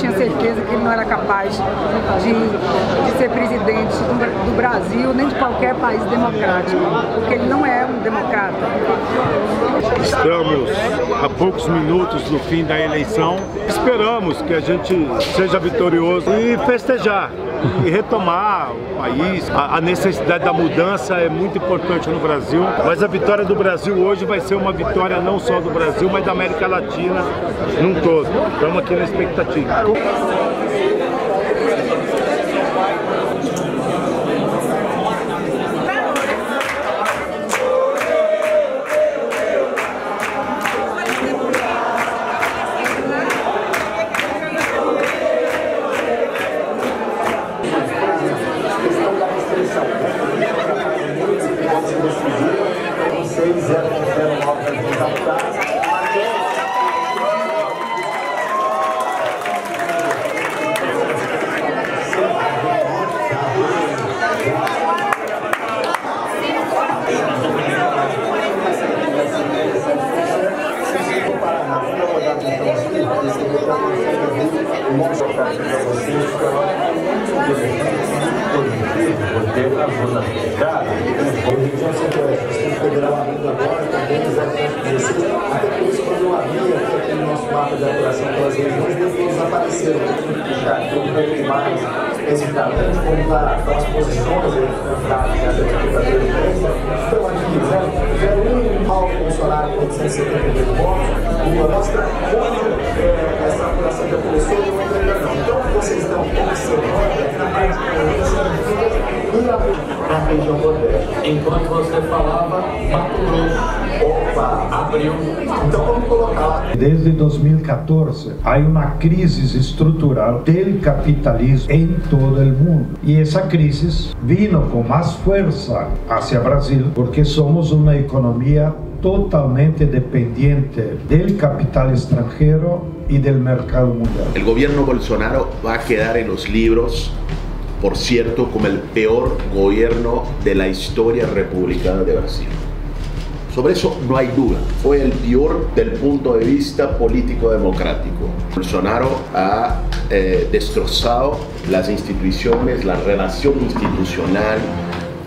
tinha há poucos minutos do fim da eleição. Esperamos que a gente seja vitorioso e festejar e retomar o país. A necessidade da mudança é muito importante no Brasil, mas a vitória do Brasil hoje vai ser uma vitória não só do Brasil, mas da América Latina num todo. Estamos aqui na expectativa. hesitante como dar as posições democráticas da ditadura inglesa. Então, aqui, um mal funcionário com 872 votos, Lula mostra quando é, essa apuração já começou e não ainda não. Então, vocês estão observando na parte de e na região Nordeste. Enquanto você falava, Mato Grosso. Desde 2014, hay una crisis estructural del capitalismo en todo el mundo. Y esa crisis vino con más fuerza hacia Brasil, porque somos una economía totalmente dependiente del capital extranjero y del mercado mundial. El gobierno Bolsonaro va a quedar en los libros, por cierto, como el peor gobierno de la historia republicana de Brasil. Sobre eso no hay duda. Fue el peor del punto de vista político-democrático. Bolsonaro ha eh, destrozado las instituciones, la relación institucional,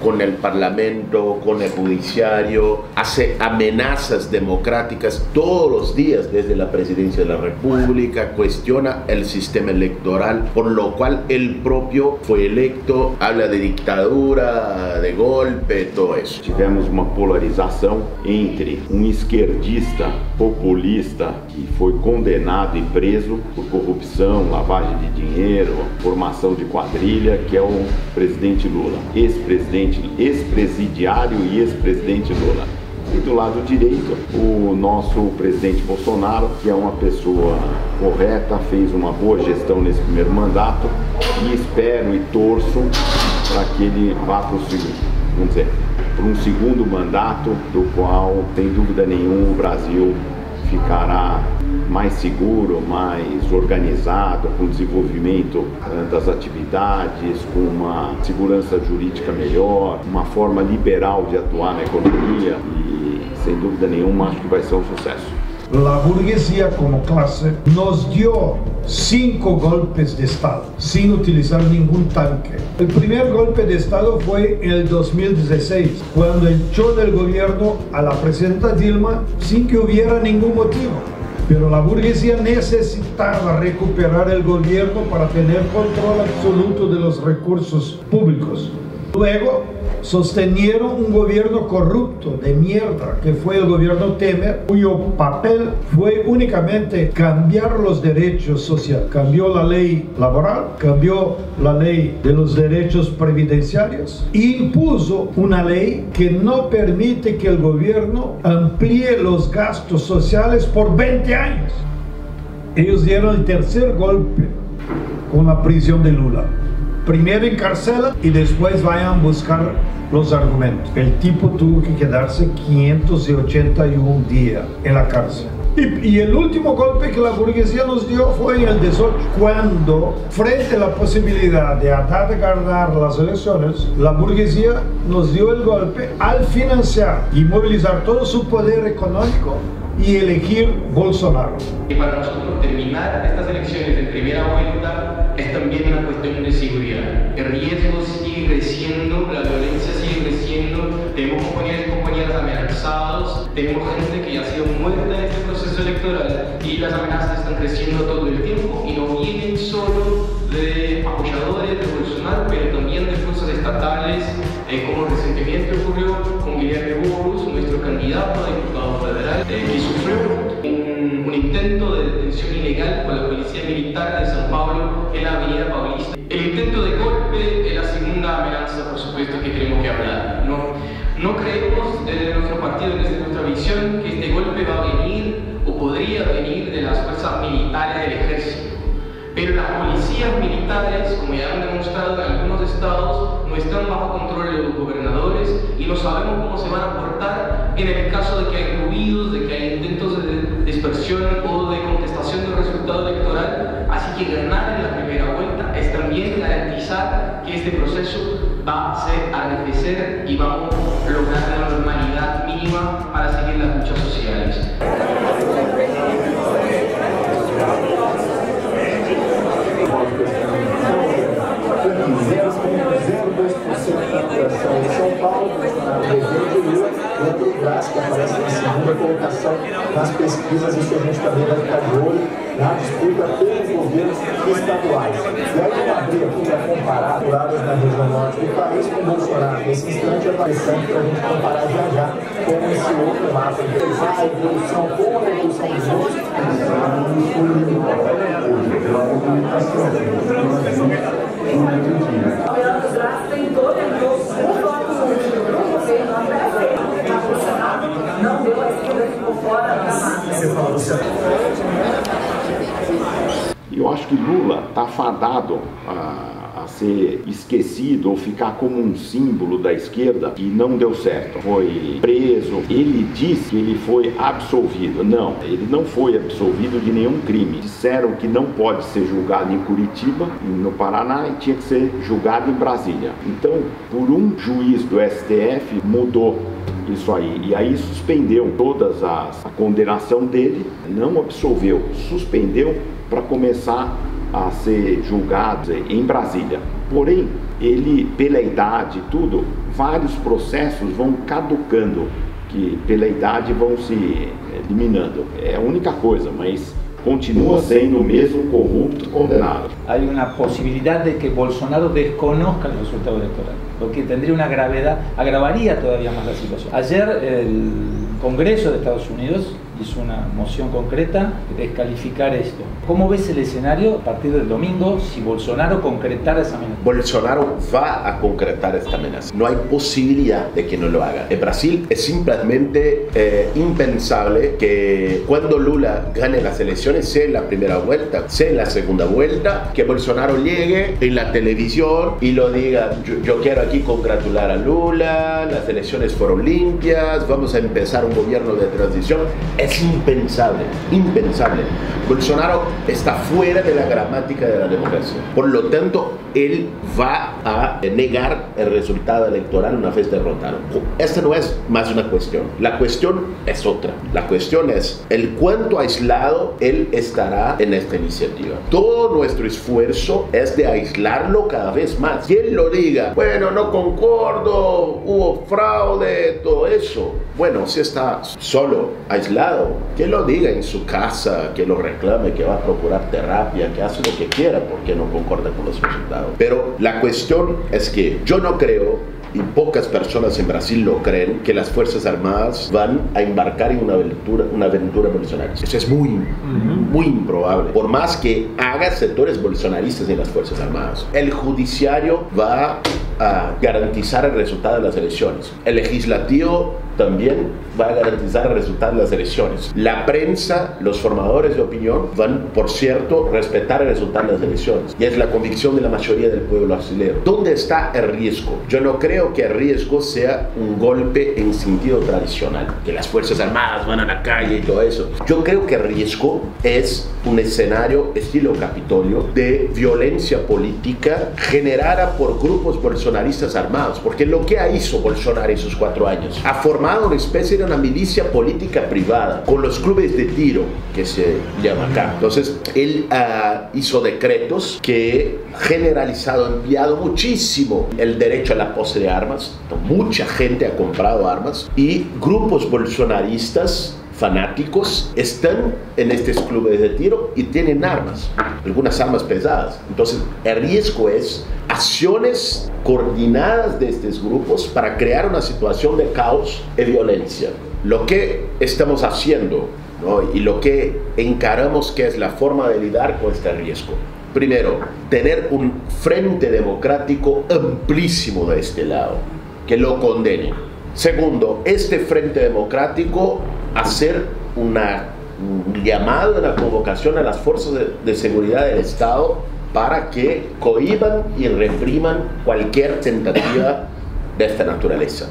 con el Parlamento, con el Judiciario, hace amenazas democráticas todos los días desde la presidencia de la República, cuestiona el sistema electoral, por lo cual el propio fue electo, habla de dictadura, de golpe, todo eso. Tivemos una polarización entre un um izquierdista populista que fue condenado y e preso por corrupción, lavaje de dinero formación de cuadrilla que es el presidente Lula, ex-presidente ex-presidiário e ex-presidente Lula. E do lado direito, o nosso presidente Bolsonaro, que é uma pessoa correta, fez uma boa gestão nesse primeiro mandato e espero e torço para que ele vá para o segundo, vamos dizer, para um segundo mandato, do qual, sem dúvida nenhuma, o Brasil ficará mais seguro, mais organizado, com desenvolvimento eh, das atividades, com uma segurança jurídica melhor, uma forma liberal de atuar na economia e, sem dúvida nenhuma, acho que vai ser um sucesso. A burguesia como classe nos deu cinco golpes de Estado sem utilizar nenhum tanque. O primeiro golpe de Estado foi em 2016, quando echó do governo a la presidenta Dilma sem que houvesse nenhum motivo. Pero la burguesía necesitaba recuperar el gobierno para tener control absoluto de los recursos públicos. Luego, sostenieron un gobierno corrupto de mierda que fue el gobierno Temer, cuyo papel fue únicamente cambiar los derechos sociales. Cambió la ley laboral, cambió la ley de los derechos previdenciarios e impuso una ley que no permite que el gobierno amplíe los gastos sociales por 20 años. Ellos dieron el tercer golpe con la prisión de Lula. Primero encarcela y después vayan a buscar los argumentos. El tipo tuvo que quedarse 581 días en la cárcel. Y, el último golpe que la burguesía nos dio fue en el 18, cuando, frente a la posibilidad de atacar las elecciones, la burguesía nos dio el golpe al financiar y movilizar todo su poder económico y elegir Bolsonaro. Y para nosotros terminar estas elecciones de primera vuelta es también una cuestión de seguridad. El riesgo sigue creciendo, la violencia sigue creciendo, tenemos compañeros y compañeras amenazados, tenemos gente que ya ha sido muerta este electoral y las amenazas están creciendo todo el tiempo y no vienen solo de apoyadores de Bolsonaro, pero también de fuerzas estatales, eh, como recientemente ocurrió con Guillermo Burgos, nuestro candidato a diputado federal, eh, que sufrió un, intento de detención ilegal por la Policía Militar de San Pablo en la Avenida Paulista. El intento de golpe es la segunda amenaza, por supuesto, que tenemos que hablar. No, no creemos desde eh, nuestro partido, desde nuestra visión, que este golpe va a venir el ejército. Pero las policías militares, como ya han demostrado en algunos estados, no están bajo control de los gobernadores y no sabemos cómo se van a portar en el caso de que hay ruidos, de que hay intentos de dispersión o de contestación del resultado electoral. Así que ganar en la primera vuelta es también garantizar que este proceso va a ser agradecer y vamos a lograr la normalidad mínima para seguir las luchas sociales. também colocação nas pesquisas, isso a gente também vai ficar de olho na disputa pelos governos estaduais. E aí eu abri aqui para comparar douradas na região norte do país com Bolsonaro. Nesse instante aparecendo para a gente comparar já já com esse outro mapa. Pesar a evolução com a evolução dos outros. A Apoiando os braços tem É Eu acho que Lula está fadado a, a, ser esquecido ou ficar como um símbolo da esquerda e não deu certo. Foi preso. Ele disse que ele foi absolvido. Não, ele não foi absolvido de nenhum crime. Disseram que não pode ser julgado em Curitiba, no Paraná, e tinha que ser julgado em Brasília. Então, por um juiz do STF, mudou isso aí. E aí suspendeu todas as a condenação dele, não absolveu, suspendeu para começar a ser julgado em Brasília. Porém, ele pela idade e tudo, vários processos vão caducando, que pela idade vão se eh, eliminando. É a única coisa, mas continúa siendo el mismo corrupto condenado. Hay una posibilidad de que Bolsonaro desconozca el resultado electoral, lo que tendría una gravedad, agravaría todavía más la situación. Ayer el Congreso de Estados Unidos una moción concreta, descalificar esto. ¿Cómo ves el escenario a partir del domingo si Bolsonaro concretara esa amenaza? Bolsonaro va a concretar esta amenaza. No hay posibilidad de que no lo haga. En Brasil es simplemente eh, impensable que cuando Lula gane las elecciones, sea en la primera vuelta, sea en la segunda vuelta, que Bolsonaro llegue en la televisión y lo diga, yo, yo quiero aquí congratular a Lula, las elecciones fueron limpias, vamos a empezar un gobierno de transición. Es impensable, impensable. Bolsonaro está fuera de la gramática de la democracia. Por lo tanto, él va a negar el resultado electoral una vez derrotado. Esta no es más una cuestión. La cuestión es otra. La cuestión es el cuánto aislado él estará en esta iniciativa. Todo nuestro esfuerzo es de aislarlo cada vez más. Y él lo diga, bueno, no concordo, hubo fraude, todo eso bueno, si está solo, aislado, que lo diga en su casa, que lo reclame, que va a procurar terapia, que hace lo que quiera porque no concorda con los resultados. Pero la cuestión es que yo no creo y pocas personas en Brasil lo creen, que las Fuerzas Armadas van a embarcar en una aventura, una aventura bolsonarista. Eso es muy, muy improbable. Por más que haga sectores bolsonaristas en las Fuerzas Armadas, el judiciario va a garantizar el resultado de las elecciones. El legislativo también va a garantizar el resultado de las elecciones. La prensa, los formadores de opinión van, por cierto, a respetar el resultado de las elecciones. Y es la convicción de la mayoría del pueblo brasileño. ¿Dónde está el riesgo? Yo no creo que el riesgo sea un golpe en sentido tradicional, que las Fuerzas Armadas van a la calle y todo eso. Yo creo que el riesgo es un escenario estilo Capitolio de violencia política generada por grupos personales bolsonaristas armados, porque lo que ha hizo Bolsonaro esos cuatro años, ha formado una especie de una milicia política privada con los clubes de tiro que se llama acá. Entonces, él ah, hizo decretos que generalizado, enviado muchísimo el derecho a la pose de armas. Mucha gente ha comprado armas y grupos bolsonaristas fanáticos están en estos clubes de tiro y tienen armas, algunas armas pesadas. Entonces, el riesgo es acciones coordinadas de estos grupos para crear una situación de caos y violencia. Lo que estamos haciendo ¿no? y lo que encaramos que es la forma de lidar con este riesgo. Primero, tener un frente democrático amplísimo de este lado, que lo condene. Segundo, este frente democrático hacer una llamada, una convocación a las fuerzas de seguridad del Estado para que cohiban y repriman cualquier tentativa de esta naturaleza.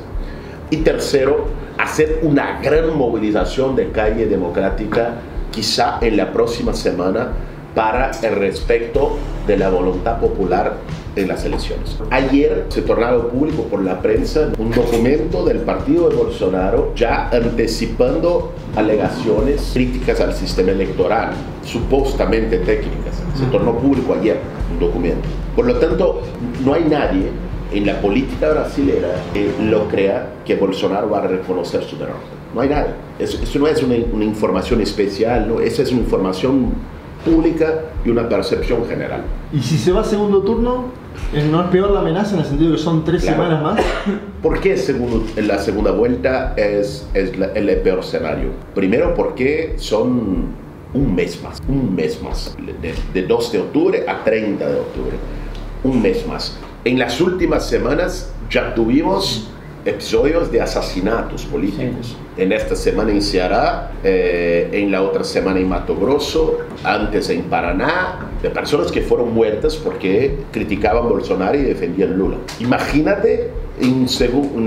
Y tercero, hacer una gran movilización de calle democrática, quizá en la próxima semana, para el respeto de la voluntad popular en las elecciones. Ayer se tornó público por la prensa un documento del partido de Bolsonaro ya anticipando alegaciones críticas al sistema electoral, supuestamente técnico se tornó público ayer un documento. Por lo tanto, no hay nadie en la política brasilera que lo crea que Bolsonaro va a reconocer su derrota. No hay nadie. Eso, no es una, información especial, ¿no? esa es una información pública y una percepción general. ¿Y si se va a segundo turno? Eh, ¿No es peor la amenaza en el sentido de que son tres semanas más? ¿Por qué segundo, la segunda vuelta es, es el peor escenario? Primero porque son un mes más, un mes más, de, 2 de octubre a 30 de octubre, un mes más. En las últimas semanas ya tuvimos episodios de asesinatos políticos. En esta semana en Ceará, eh, en la otra semana en Mato Grosso, antes en Paraná, de personas que fueron muertas porque criticaban Bolsonaro y defendían Lula. Imagínate en,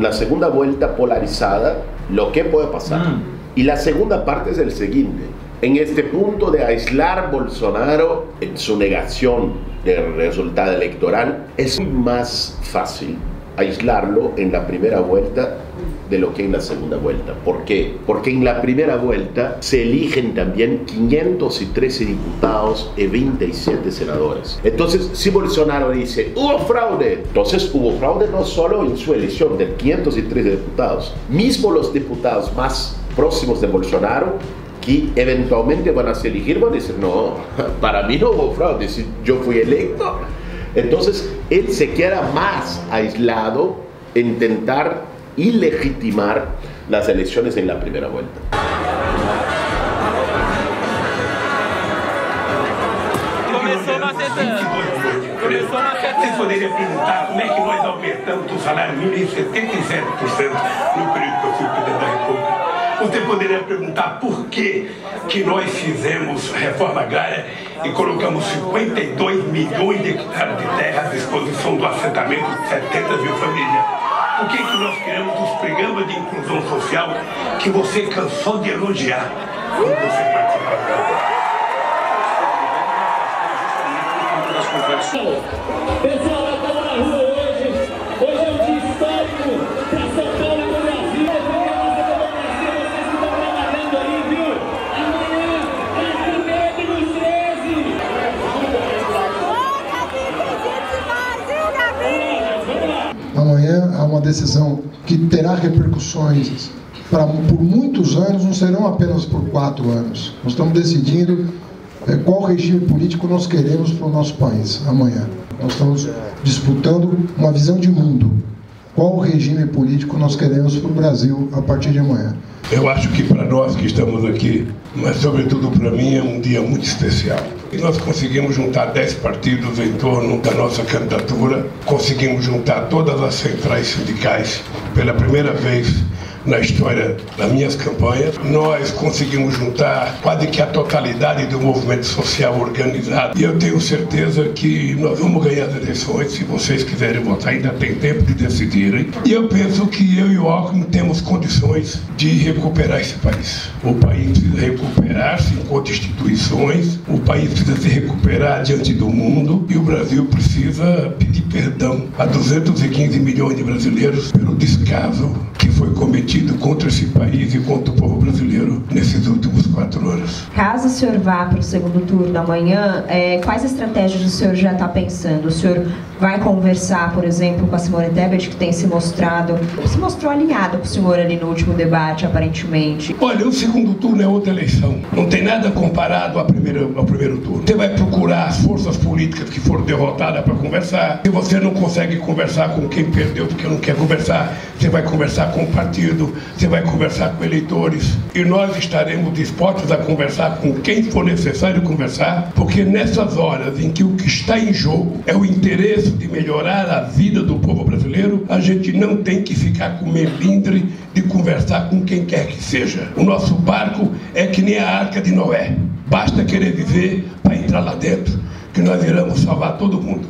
la segunda vuelta polarizada lo que puede pasar. Mm. Y la segunda parte es el siguiente en este punto de aislar Bolsonaro en su negación del resultado electoral, es más fácil aislarlo en la primera vuelta de lo que en la segunda vuelta. ¿Por qué? Porque en la primera vuelta se eligen también 513 diputados y 27 senadores. Entonces, si Bolsonaro dice, hubo fraude, entonces hubo fraude no solo en su elección de 513 diputados, mismo los diputados más próximos de Bolsonaro que eventualmente van a se elegir, van a decir, no, para mí no hubo fraude, si yo fui electo. Entonces, él se queda más aislado intentar ilegitimar las elecciones en la primera vuelta. poderia perguntar como é que nós aumentamos o salário mínimo em 77% no período que eu fui presidente da República. Você poderia é perguntar por que, que nós fizemos reforma agrária e colocamos 52 milhões de hectares de terra à disposição do assentamento de 70 mil famílias. Por que, que nós criamos os programas de inclusão social que você cansou de elogiar quando você participava? decisão que terá repercussões para, por muitos anos, não serão apenas por quatro anos. Nós estamos decidindo é, qual regime político nós queremos para o nosso país amanhã. Nós estamos disputando uma visão de mundo. Qual regime político nós queremos para o Brasil a partir de amanhã? Eu acho que para nós que estamos aqui, mas sobretudo para mim, é um dia muito especial. E nós conseguimos juntar 10 partidos em torno da nossa candidatura, conseguimos juntar todas as centrais sindicais pela primeira vez na história das minhas campanhas. Nós conseguimos juntar quase que a totalidade do movimento social organizado. E eu tenho certeza que nós vamos ganhar as eleições. Se vocês quiserem votar, ainda tem tempo de decidirem. E eu penso que eu e o Alckmin temos condições de recuperar esse país. O país precisa recuperar-se enquanto instituições, o país precisa se recuperar diante do mundo e o Brasil precisa pedir perdão a 215 milhões de brasileiros pelo descaso que foi cometido contra esse país e contra o povo brasileiro nesses últimos quatro anos. Caso o senhor vá para o segundo turno amanhã, é, quais estratégias o senhor já está pensando? O senhor vai conversar, por exemplo, com a Simone Tebet, que tem se mostrado, se mostrou alinhado com o senhor ali no último debate, aparentemente? Olha, o segundo turno é outra eleição. Não tem nada comparado ao primeiro, ao primeiro turno. Você vai procurar as forças políticas que foram derrotadas para conversar. Se você não consegue conversar com quem perdeu porque não quer conversar, você vai conversar com o partido, você vai conversar com eleitores. E nós estaremos dispostos a conversar com quem for necessário conversar, porque nessas horas em que o que está em jogo é o interesse de melhorar a vida do povo brasileiro, a gente não tem que ficar com melindre de conversar com quem quer que seja. O nosso barco é que nem a arca de Noé. Basta querer viver para entrar lá dentro, que nós iremos salvar todo mundo.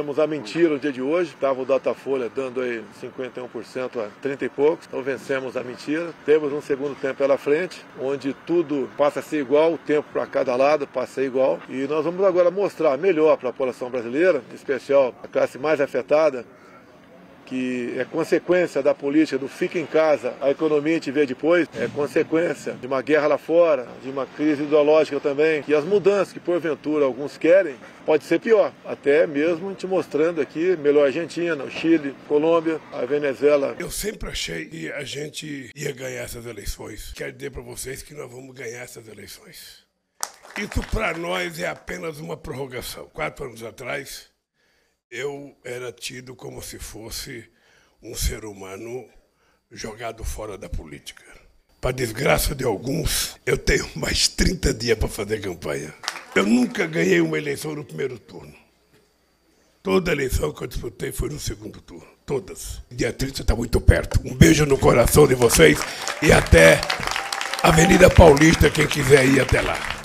Vencemos a mentira o dia de hoje, estava tá? o Datafolha dando aí 51% a 30 e poucos, então vencemos a mentira. Temos um segundo tempo pela frente, onde tudo passa a ser igual, o tempo para cada lado passa a ser igual. E nós vamos agora mostrar melhor para a população brasileira, em especial a classe mais afetada, que é consequência da política do fica em casa, a economia te vê depois, é consequência de uma guerra lá fora, de uma crise ideológica também, e as mudanças que porventura alguns querem, pode ser pior. Até mesmo te mostrando aqui, melhor a Argentina, o Chile, Colômbia, a Venezuela. Eu sempre achei que a gente ia ganhar essas eleições. Quero dizer para vocês que nós vamos ganhar essas eleições. Isso para nós é apenas uma prorrogação. Quatro anos atrás, eu era tido como se fosse um ser humano jogado fora da política. Para desgraça de alguns, eu tenho mais 30 dias para fazer campanha. Eu nunca ganhei uma eleição no primeiro turno. Toda eleição que eu disputei foi no segundo turno. Todas. Dia 30 está muito perto. Um beijo no coração de vocês e até Avenida Paulista, quem quiser ir até lá.